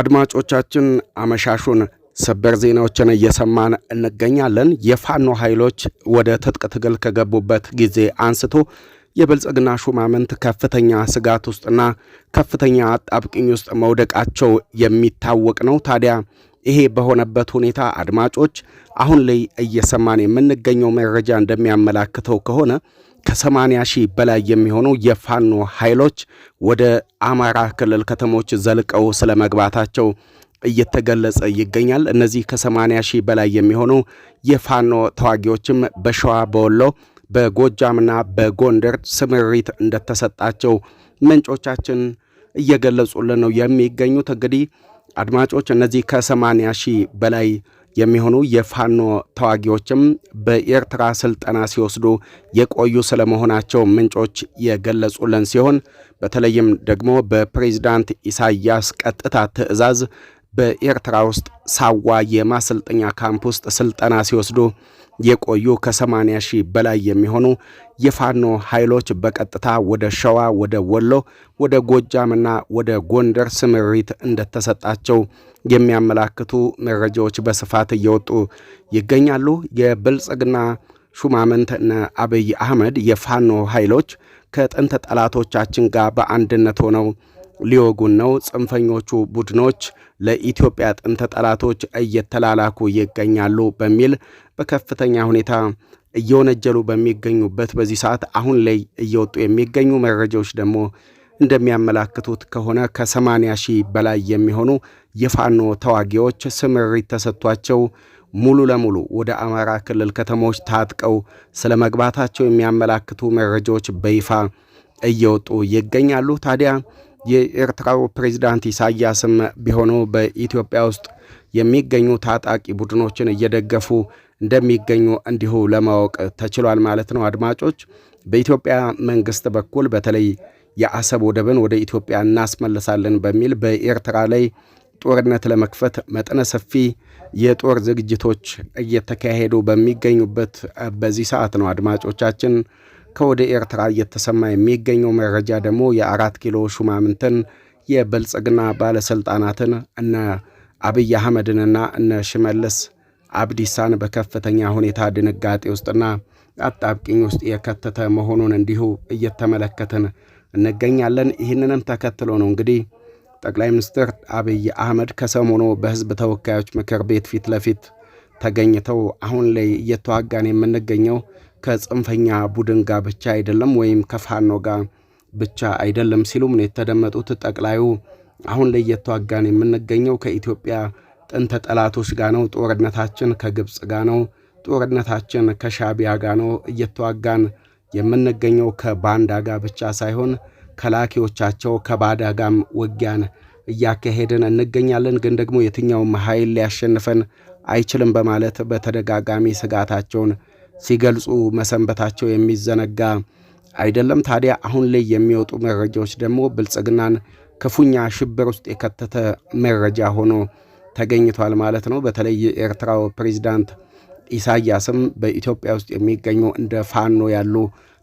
አድማጮቻችን አመሻሹን ሰበር ዜናዎችን እየሰማን እንገኛለን። የፋኖ ኃይሎች ወደ ትጥቅ ትግል ከገቡበት ጊዜ አንስቶ የብልጽግና ሹማምንት ከፍተኛ ስጋት ውስጥና ከፍተኛ አጣብቅኝ ውስጥ መውደቃቸው የሚታወቅ ነው። ታዲያ ይሄ በሆነበት ሁኔታ አድማጮች አሁን ላይ እየሰማን የምንገኘው መረጃ እንደሚያመላክተው ከሆነ ከ80 ሺህ በላይ የሚሆኑ የፋኖ ኃይሎች ወደ አማራ ክልል ከተሞች ዘልቀው ስለመግባታቸው እየተገለጸ ይገኛል። እነዚህ ከ80 ሺህ በላይ የሚሆኑ የፋኖ ተዋጊዎችም በሸዋ፣ በወሎ፣ በጎጃምና በጎንደር ስምሪት እንደተሰጣቸው ምንጮቻችን እየገለጹልን ነው የሚገኙት። እንግዲህ አድማጮች እነዚህ ከ 8 ሺህ በላይ የሚሆኑ የፋኖ ተዋጊዎችም በኤርትራ ስልጠና ሲወስዱ የቆዩ ስለመሆናቸው ምንጮች የገለጹልን ሲሆን በተለይም ደግሞ በፕሬዝዳንት ኢሳያስ ቀጥታ ትዕዛዝ በኤርትራ ውስጥ ሳዋ የማሰልጠኛ ካምፕ ውስጥ ስልጠና ሲወስዱ የቆዩ ከ80 ሺህ በላይ የሚሆኑ የፋኖ ኃይሎች በቀጥታ ወደ ሸዋ፣ ወደ ወሎ፣ ወደ ጎጃምና ወደ ጎንደር ስምሪት እንደተሰጣቸው የሚያመላክቱ መረጃዎች በስፋት እየወጡ ይገኛሉ። የብልጽግና ሹማምንት እነ አብይ አህመድ የፋኖ ኃይሎች ከጥንት ጠላቶቻችን ጋር በአንድነት ሆነው ሊወጉን ነው፣ ጽንፈኞቹ ቡድኖች ለኢትዮጵያ ጥንት ጠላቶች እየተላላኩ ይገኛሉ በሚል በከፍተኛ ሁኔታ እየወነጀሉ በሚገኙበት በዚህ ሰዓት አሁን ላይ እየወጡ የሚገኙ መረጃዎች ደግሞ እንደሚያመላክቱት ከሆነ ከ80 ሺህ በላይ የሚሆኑ የፋኖ ተዋጊዎች ስምሪት ተሰጥቷቸው ሙሉ ለሙሉ ወደ አማራ ክልል ከተሞች ታጥቀው ስለ መግባታቸው የሚያመላክቱ መረጃዎች በይፋ እየወጡ ይገኛሉ። ታዲያ የኤርትራው ፕሬዚዳንት ኢሳያስም ቢሆኑ በኢትዮጵያ ውስጥ የሚገኙ ታጣቂ ቡድኖችን እየደገፉ እንደሚገኙ እንዲሁ ለማወቅ ተችሏል ማለት ነው። አድማጮች፣ በኢትዮጵያ መንግስት በኩል በተለይ የአሰብ ወደብን ወደ ኢትዮጵያ እናስመልሳለን በሚል በኤርትራ ላይ ጦርነት ለመክፈት መጠነ ሰፊ የጦር ዝግጅቶች እየተካሄዱ በሚገኙበት በዚህ ሰዓት ነው። አድማጮቻችን፣ ከወደ ኤርትራ እየተሰማ የሚገኘው መረጃ ደግሞ የአራት ኪሎ ሹማምንትን የብልጽግና ባለሥልጣናትን እነ አብይ አህመድንና እነ ሽመልስ አብዲሳን በከፍተኛ ሁኔታ ድንጋጤ ውስጥና አጣብቂኝ ውስጥ የከተተ መሆኑን እንዲሁ እየተመለከትን እንገኛለን። ይህንንም ተከትሎ ነው እንግዲህ ጠቅላይ ሚኒስትር አብይ አህመድ ከሰሞኑ በህዝብ ተወካዮች ምክር ቤት ፊት ለፊት ተገኝተው አሁን ላይ እየተዋጋን የምንገኘው ከጽንፈኛ ቡድን ጋር ብቻ አይደለም ወይም ከፋኖ ጋር ብቻ አይደለም ሲሉም ነው የተደመጡት። ጠቅላዩ አሁን ላይ እየተዋጋን የምንገኘው ከኢትዮጵያ ጥንተ ጠላቶች ጋር ነው፣ ጦርነታችን ከግብፅ ጋር ነው፣ ጦርነታችን ከሻቢያ ጋር ነው እየተዋጋን የምንገኘው ከባንዳ ጋር ብቻ ሳይሆን ከላኪዎቻቸው ከባዳ ጋም ውጊያን እያካሄድን እንገኛለን። ግን ደግሞ የትኛውም ኃይል ሊያሸንፈን አይችልም በማለት በተደጋጋሚ ስጋታቸውን ሲገልጹ መሰንበታቸው የሚዘነጋ አይደለም። ታዲያ አሁን ላይ የሚወጡ መረጃዎች ደግሞ ብልጽግናን ክፉኛ ሽብር ውስጥ የከተተ መረጃ ሆኖ ተገኝቷል ማለት ነው። በተለይ የኤርትራው ፕሬዚዳንት ኢሳያስም በኢትዮጵያ ውስጥ የሚገኙ እንደ ፋኖ ያሉ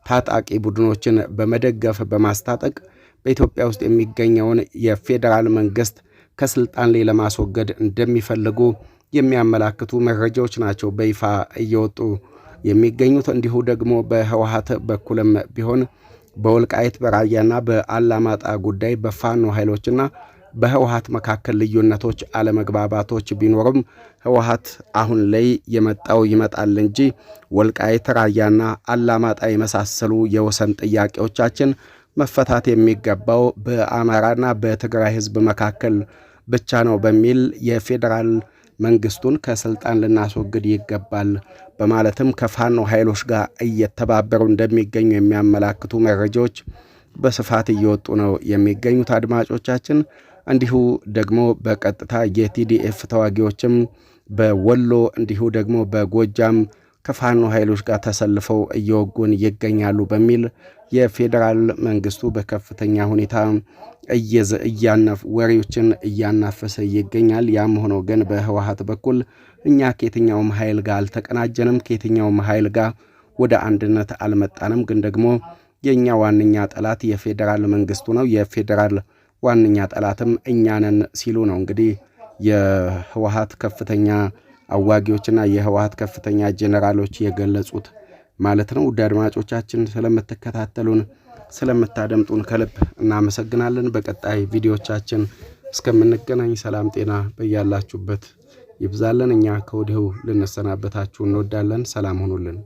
ታጣቂ ቡድኖችን በመደገፍ በማስታጠቅ በኢትዮጵያ ውስጥ የሚገኘውን የፌዴራል መንግስት ከስልጣን ላይ ለማስወገድ እንደሚፈልጉ የሚያመላክቱ መረጃዎች ናቸው በይፋ እየወጡ የሚገኙት። እንዲሁ ደግሞ በህወሀት በኩልም ቢሆን በወልቃይት በራያና በአላማጣ ጉዳይ በፋኖ ኃይሎችና በህወሀት መካከል ልዩነቶች፣ አለመግባባቶች ቢኖሩም ህወሀት አሁን ላይ የመጣው ይመጣል እንጂ ወልቃይት፣ ራያና አላማጣ የመሳሰሉ የወሰን ጥያቄዎቻችን መፈታት የሚገባው በአማራና በትግራይ ህዝብ መካከል ብቻ ነው በሚል የፌዴራል መንግስቱን ከስልጣን ልናስወግድ ይገባል በማለትም ከፋኖ ኃይሎች ጋር እየተባበሩ እንደሚገኙ የሚያመላክቱ መረጃዎች በስፋት እየወጡ ነው የሚገኙት አድማጮቻችን እንዲሁ ደግሞ በቀጥታ የቲዲኤፍ ተዋጊዎችም በወሎ እንዲሁ ደግሞ በጎጃም ከፋኖ ኃይሎች ጋር ተሰልፈው እየወጉን ይገኛሉ በሚል የፌዴራል መንግስቱ በከፍተኛ ሁኔታ ወሬዎችን እያናፈሰ ይገኛል። ያም ሆኖ ግን በህወሀት በኩል እኛ ከየትኛውም ኃይል ጋር አልተቀናጀንም፣ ከየትኛውም ኃይል ጋር ወደ አንድነት አልመጣንም። ግን ደግሞ የእኛ ዋነኛ ጠላት የፌዴራል መንግስቱ ነው። የፌዴራል ዋነኛ ጠላትም እኛንን ሲሉ ነው እንግዲህ የህወሀት ከፍተኛ አዋጊዎችና የህወሀት ከፍተኛ ጄኔራሎች የገለጹት ማለት ነው። ውድ አድማጮቻችን ስለምትከታተሉን ስለምታደምጡን ከልብ እናመሰግናለን። በቀጣይ ቪዲዮቻችን እስከምንገናኝ ሰላም ጤና በያላችሁበት ይብዛለን። እኛ ከወዲሁ ልንሰናበታችሁ እንወዳለን። ሰላም ሁኑልን።